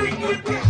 Bring it back.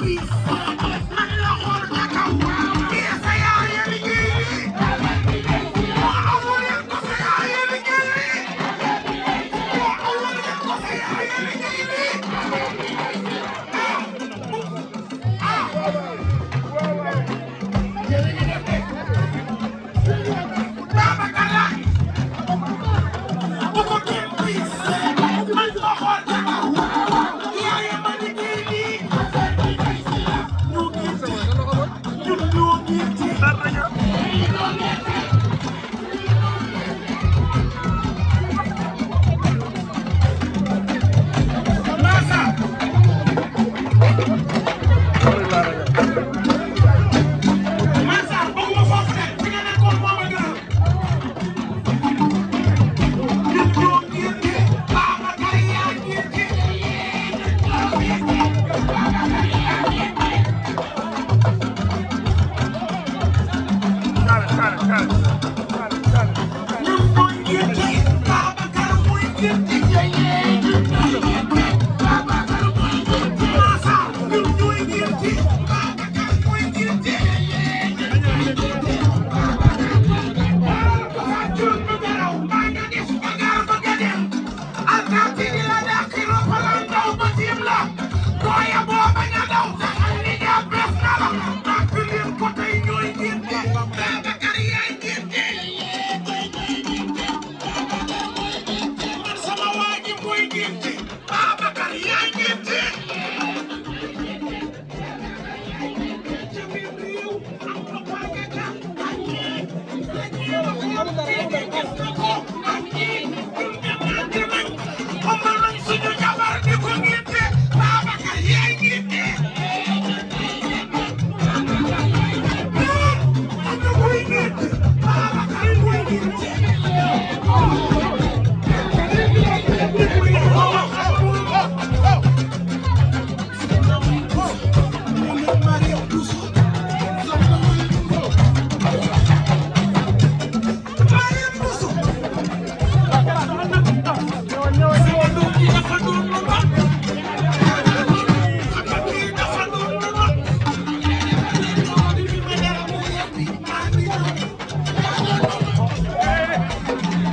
please. Thank you.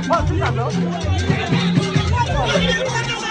哦，真的。